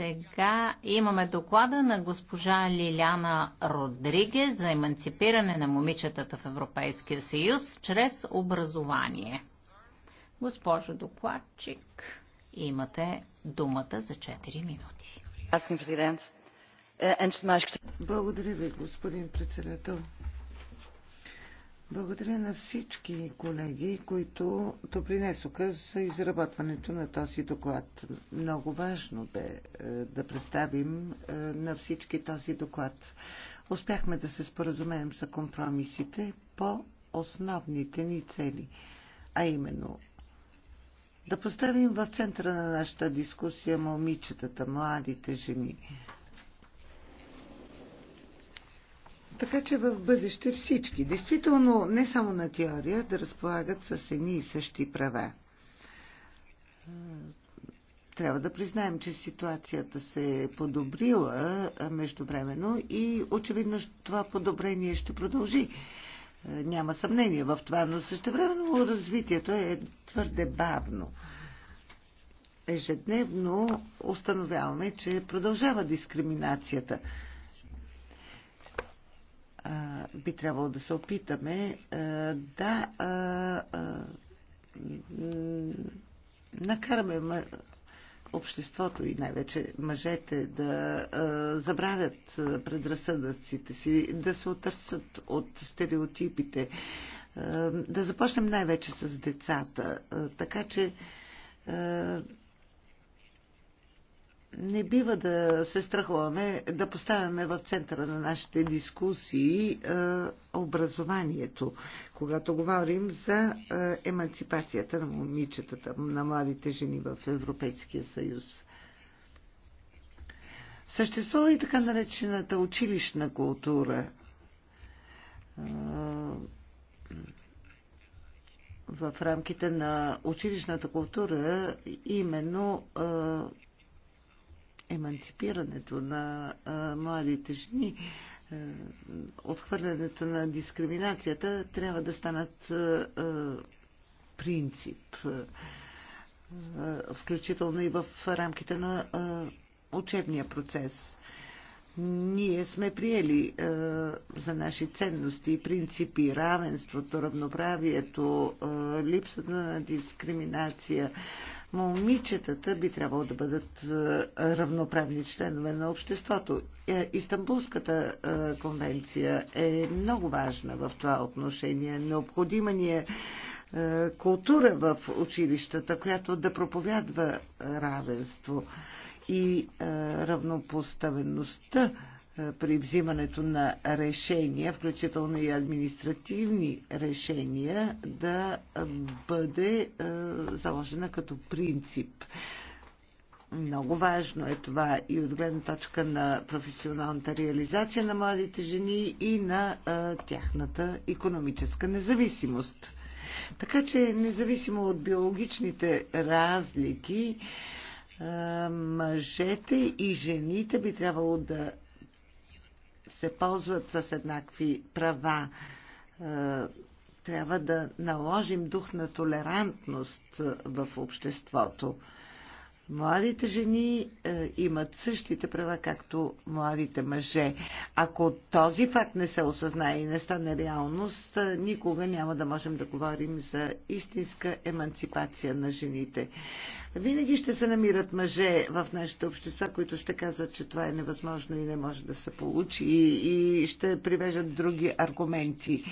Сега имаме доклада на госпожа Лиляна Родриге за емансипиране на момичетата в Европейския съюз чрез образование. Госпожо докладчик, имате думата за 4 минути. Благодаря ви, господин председател. Благодаря на всички колеги, които допринесоха за изработването на този доклад. Много важно бе е, да представим е, на всички този доклад. Успяхме да се споразумеем за компромисите по основните ни цели, а именно да поставим в центъра на нашата дискусия момичетата, младите жени, Така че в бъдеще всички, действително не само на теория, да разполагат с едни и същи права. Трябва да признаем, че ситуацията се е подобрила междувременно и очевидно това подобрение ще продължи. Няма съмнение в това, но същевременно развитието е твърде бавно. Ежедневно установяваме, че продължава дискриминацията – би трябвало да се опитаме да накараме обществото и най-вече мъжете да забравят предразсъдъците си, да се отърсят от стереотипите, да започнем най-вече с децата. Така че не бива да се страхуваме да поставяме в центъра на нашите дискусии е, образованието, когато говорим за е, емансипацията на момичетата, на младите жени в Европейския съюз. Съществува и така наречената училищна култура. Е, в рамките на училищната култура именно е, Еманципирането на младите жени, отхвърлянето на дискриминацията трябва да станат принцип, включително и в рамките на учебния процес ние сме приели е, за наши ценности и принципи равенството, равноправието, е, липсата на дискриминация. Момичетата би трябвало да бъдат е, равноправни членове на обществото. Е, Истанбулската е, конвенция е много важна в това отношение. Необходима ни е, е култура в училищата, която да проповядва равенство и равнопоставеността при взимането на решения, включително и административни решения, да бъде заложена като принцип. Много важно е това и от гледна точка на професионалната реализация на младите жени и на а, тяхната економическа независимост. Така че, независимо от биологичните разлики, а, мъжете и жените би трябвало да се ползват с еднакви права. Трябва да наложим дух на толерантност в обществото. Младите жени е, имат същите права, както младите мъже. Ако този факт не се осъзнае и не стане реалност, е, никога няма да можем да говорим за истинска емансипация на жените. Винаги ще се намират мъже в нашите общества, които ще казват, че това е невъзможно и не може да се получи и, и ще привежат други аргументи.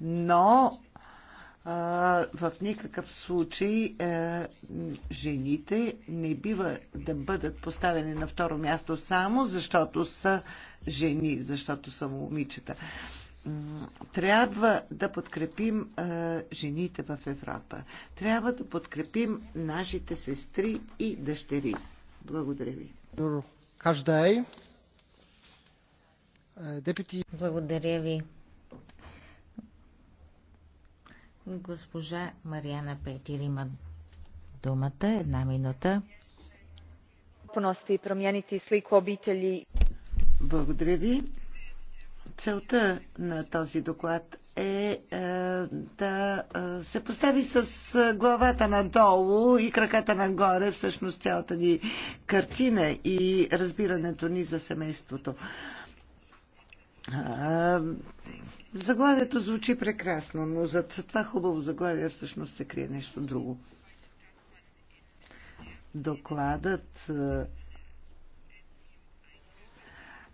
Но в никакъв случай е, жените не бива да бъдат поставени на второ място само защото са жени, защото са момичета. Трябва да подкрепим е, жените в Европа. Трябва да подкрепим нашите сестри и дъщери. Благодаря ви. Е, Благодаря ви. Госпожа Марияна Петир има думата. Една минута. Промените слико обители. Благодаря ви. Целта на този доклад е, е да е, се постави с главата надолу и краката нагоре всъщност цялата ни картина и разбирането ни за семейството. Заглавието звучи прекрасно, но зад това хубаво заглавие всъщност се крие нещо друго. Докладът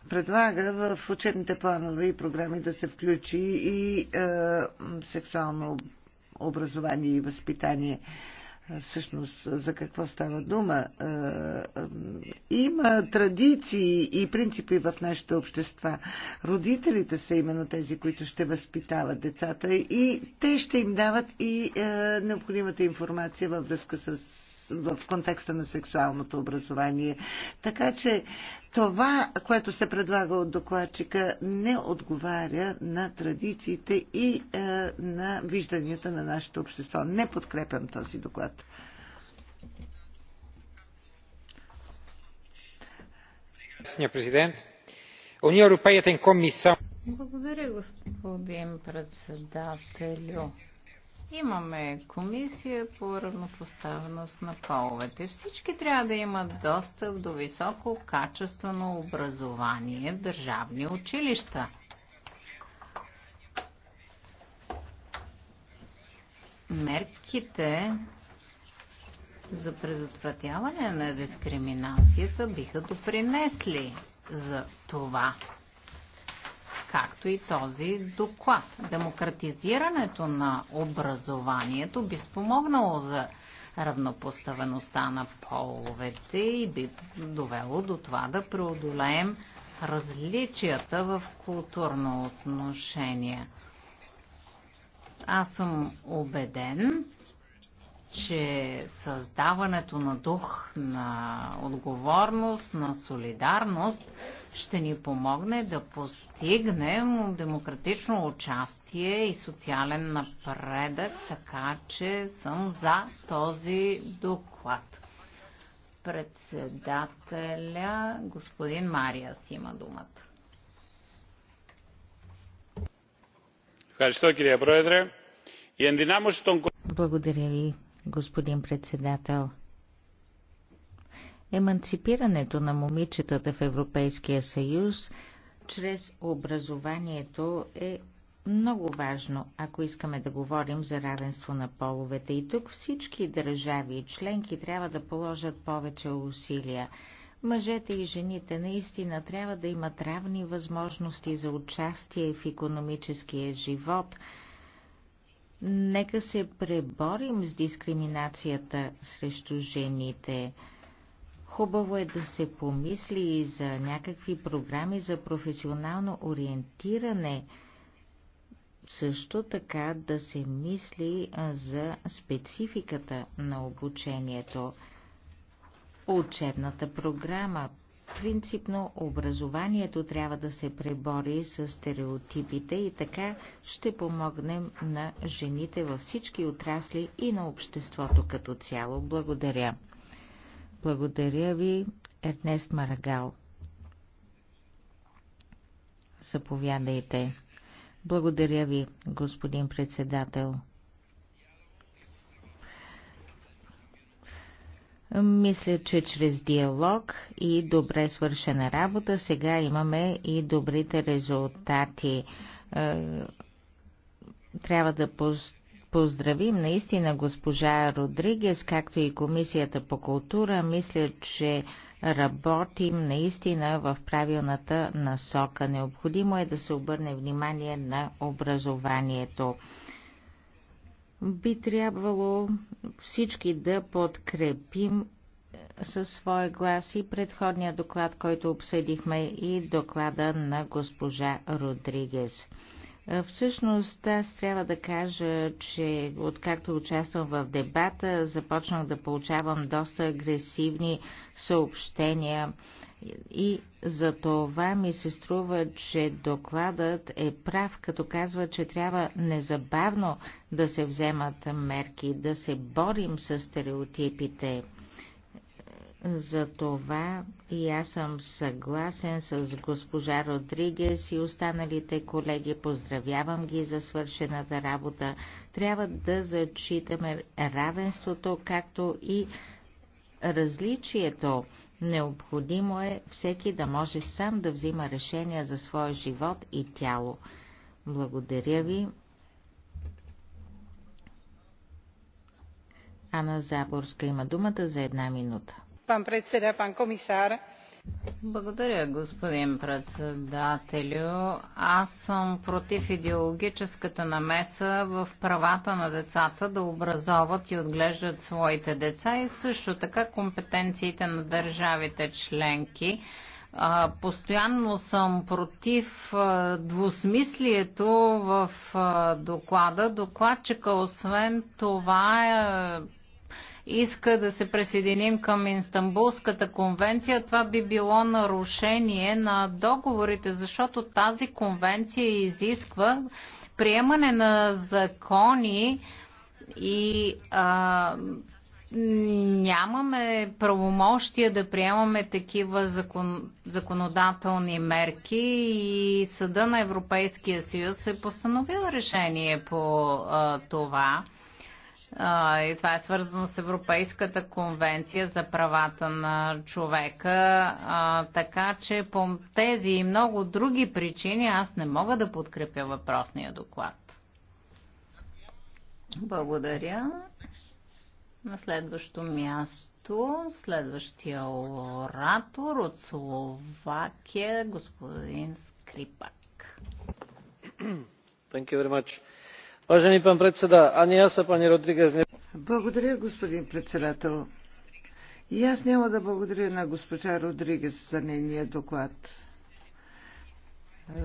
предлага в учебните планове и програми да се включи и е, сексуално образование и възпитание. Е, всъщност за какво става дума. Има традиции и принципи в нашите общества. Родителите са именно тези, които ще възпитават децата и те ще им дават и необходимата информация във връзка с в контекста на сексуалното образование. Така че това, което се предлага от докладчика, не отговаря на традициите и е, на вижданията на нашето общество. Не подкрепям този доклад. Е Благодаря, господин председателю. Имаме комисия по равнопоставеност на половете. Всички трябва да имат достъп до високо качествено образование в държавни училища. Мерките за предотвратяване на дискриминацията биха допринесли за това както и този доклад. Демократизирането на образованието би спомогнало за равнопоставеността на половете и би довело до това да преодолеем различията в културно отношение. Аз съм убеден, че създаването на дух на отговорност, на солидарност ще ни помогне да постигнем демократично участие и социален напредък, така че съм за този доклад. Председателя господин Мариас има думата. Благодаря ви, господин председател. Еманципирането на момичетата в Европейския съюз чрез образованието е много важно, ако искаме да говорим за равенство на половете. И тук всички държави и членки трябва да положат повече усилия. Мъжете и жените наистина трябва да имат равни възможности за участие в економическия живот – Нека се преборим с дискриминацията срещу жените. Хубаво е да се помисли и за някакви програми за професионално ориентиране. Също така да се мисли за спецификата на обучението. Учебната програма Принципно образованието трябва да се пребори с стереотипите и така ще помогнем на жените във всички отрасли и на обществото като цяло. Благодаря. Благодаря ви, Ернест Марагал. Заповядайте. Благодаря ви, господин председател. Мисля, че чрез диалог и добре свършена работа сега имаме и добрите резултати. Е, трябва да поздравим наистина госпожа Родригес, както и Комисията по култура. Мисля, че работим наистина в правилната насока. Необходимо е да се обърне внимание на образованието. Би трябвало всички да подкрепим е, със своя глас и предходния доклад, който обсъдихме и доклада на госпожа Родригес. Всъщност аз трябва да кажа, че откакто участвам в дебата, започнах да получавам доста агресивни съобщения и за това ми се струва, че докладът е прав, като казва, че трябва незабавно да се вземат мерки, да се борим с стереотипите. Затова и аз съм съгласен с госпожа Родригес и останалите колеги. Поздравявам ги за свършената работа. Трябва да зачитаме равенството, както и различието. Необходимо е всеки да може сам да взима решения за своя живот и тяло. Благодаря ви. Ана Заборска има думата за една минута. Пан председа, пан комисар. Благодаря, господин председателю. Аз съм против идеологическата намеса в правата на децата да образоват и отглеждат своите деца и също така компетенциите на държавите членки. Постоянно съм против двусмислието в доклада. Докладчика, освен това, е, иска да се присъединим към Инстанбулската конвенция, това би било нарушение на договорите, защото тази конвенция изисква приемане на закони и а, нямаме правомощия да приемаме такива закон, законодателни мерки и Съда на Европейския съюз е постановил решение по а, това а, и това е свързано с Европейската конвенция за правата на човека. А, така че по тези и много други причини аз не мога да подкрепя въпросния доклад. Благодаря. На следващо място, следващия оратор от Словакия, господин Скрипак. Thank you very much. Благодаря, господин председател. И аз няма да благодаря на госпожа Родригес за нейния доклад.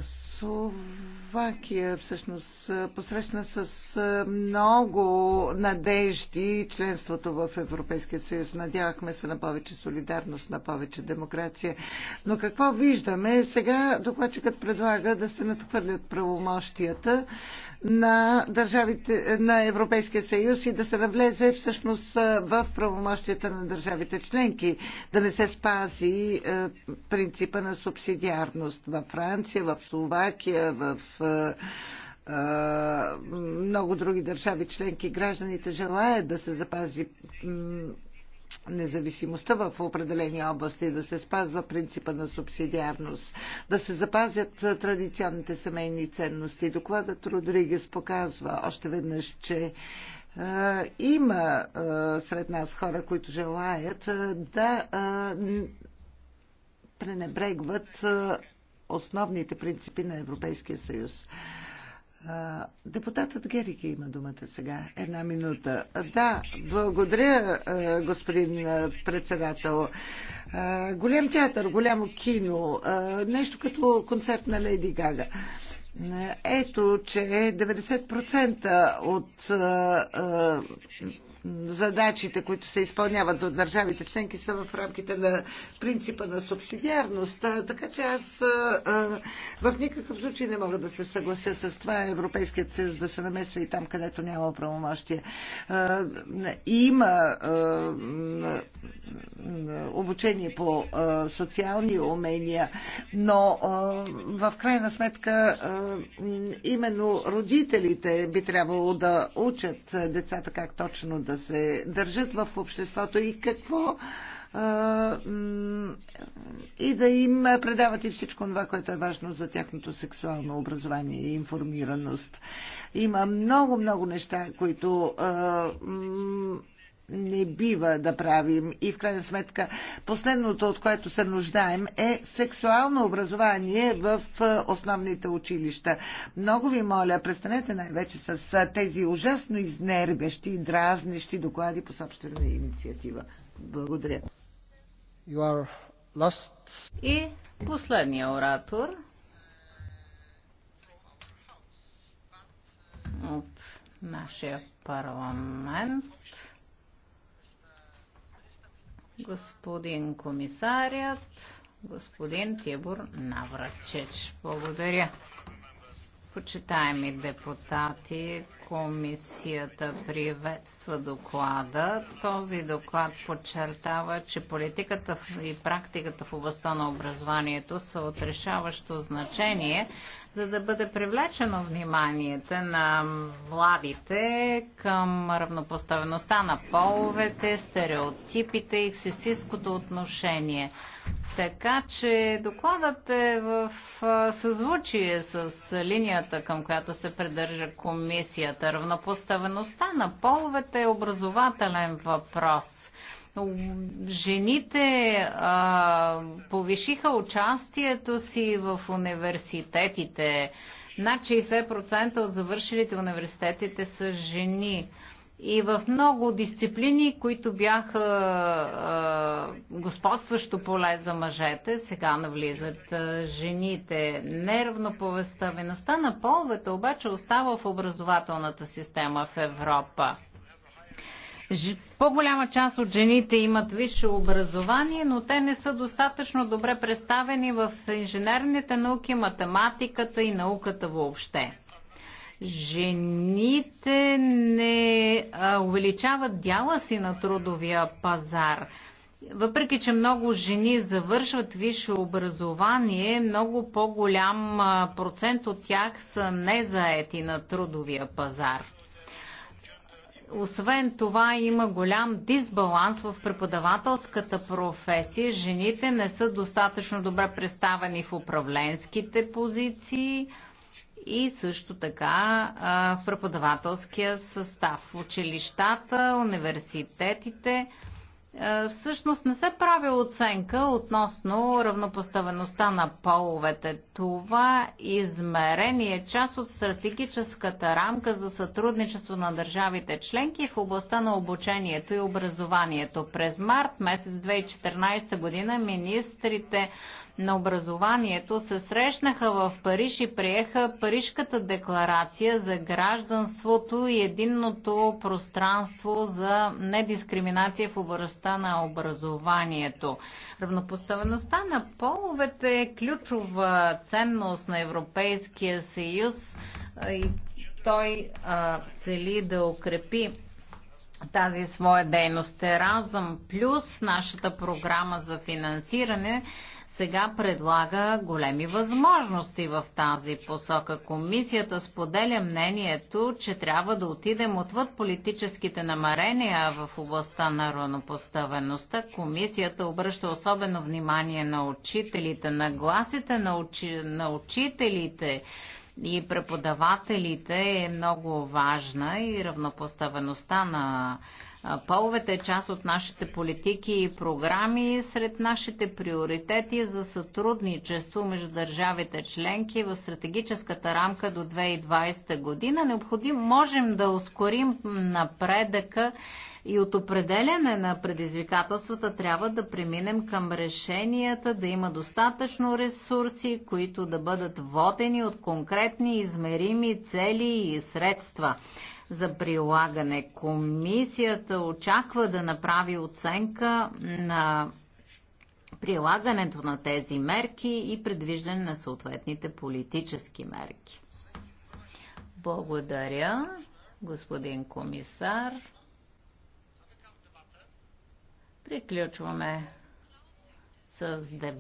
Словакия всъщност посрещна с много надежди членството в Европейския съюз. Надявахме се на повече солидарност, на повече демокрация. Но какво виждаме? Сега докладчикът предлага да се надхвърлят правомощията на държавите на Европейския съюз и да се навлезе всъщност в правомощията на държавите членки, да не се спази принципа на субсидиарност във Франция, в Словакия, в много други държави членки. Гражданите желаят да се запази независимостта в определени области, да се спазва принципа на субсидиарност, да се запазят традиционните семейни ценности. Докладът Родригес показва още веднъж, че има сред нас хора, които желаят да пренебрегват основните принципи на Европейския съюз. Депутатът Герике има думата сега. Една минута. Да, благодаря, господин председател. Голям театър, голямо кино, нещо като концерт на Леди Гага. Ето, че 90% от задачите, които се изпълняват от държавите членки, са в рамките на принципа на субсидиарност. Така че аз в никакъв случай не мога да се съглася с това Европейският съюз да се намесва и там, където няма правомощия. Има обучение по социални умения, но в крайна сметка именно родителите би трябвало да учат децата как точно да да се държат в обществото и какво и да им предават и всичко това, което е важно за тяхното сексуално образование и информираност. Има много-много неща, които не бива да правим. И в крайна сметка последното, от което се нуждаем, е сексуално образование в е, основните училища. Много ви моля, престанете най-вече с е, тези ужасно изнервящи и дразнещи доклади по собствена инициатива. Благодаря. You are last. И последния оратор от нашия парламент господин комисарят, господин Тибор Наврачеч. Благодаря. Почитаеми депутати, комисията приветства доклада. Този доклад подчертава, че политиката и практиката в областта на образованието са отрешаващо значение за да бъде привлечено вниманието на младите към равнопоставеността на половете, стереотипите и сексистското отношение. Така че докладът е в съзвучие с линията, към която се придържа комисията. Равнопоставеността на половете е образователен въпрос – Жените а, повишиха участието си в университетите. Над 60% от завършилите университетите са жени и в много дисциплини, които бяха а, господстващо поле за мъжете, сега навлизат а, жените. Нервно повеставеността на половете обаче остава в образователната система в Европа. По-голяма част от жените имат висше образование, но те не са достатъчно добре представени в инженерните науки, математиката и науката въобще. Жените не увеличават дяла си на трудовия пазар. Въпреки, че много жени завършват висше образование, много по-голям процент от тях са незаети на трудовия пазар. Освен това има голям дисбаланс в преподавателската професия. Жените не са достатъчно добре представени в управленските позиции и също така в преподавателския състав. Училищата, университетите е, всъщност не се прави оценка относно равнопоставеността на половете. Това измерение е част от стратегическата рамка за сътрудничество на държавите членки в областта на обучението и образованието. През март месец 2014 година министрите на образованието се срещнаха в Париж и приеха Парижката декларация за гражданството и единното пространство за недискриминация в областта на образованието. Равнопоставеността на половете е ключова ценност на Европейския съюз и той а, цели да укрепи тази своя дейност. Еразъм плюс нашата програма за финансиране сега предлага големи възможности в тази посока. Комисията споделя мнението, че трябва да отидем отвъд политическите намерения в областта на равнопоставеността. Комисията обръща особено внимание на учителите, на гласите на, учи, на учителите и преподавателите е много важна и равнопоставеността на половете е част от нашите политики и програми сред нашите приоритети е за сътрудничество между държавите членки в стратегическата рамка до 2020 година. Необходим можем да ускорим напредъка и от определене на предизвикателствата трябва да преминем към решенията, да има достатъчно ресурси, които да бъдат водени от конкретни измерими цели и средства за прилагане. Комисията очаква да направи оценка на прилагането на тези мерки и предвиждане на съответните политически мерки. Благодаря, господин комисар. Приключваме с дебата.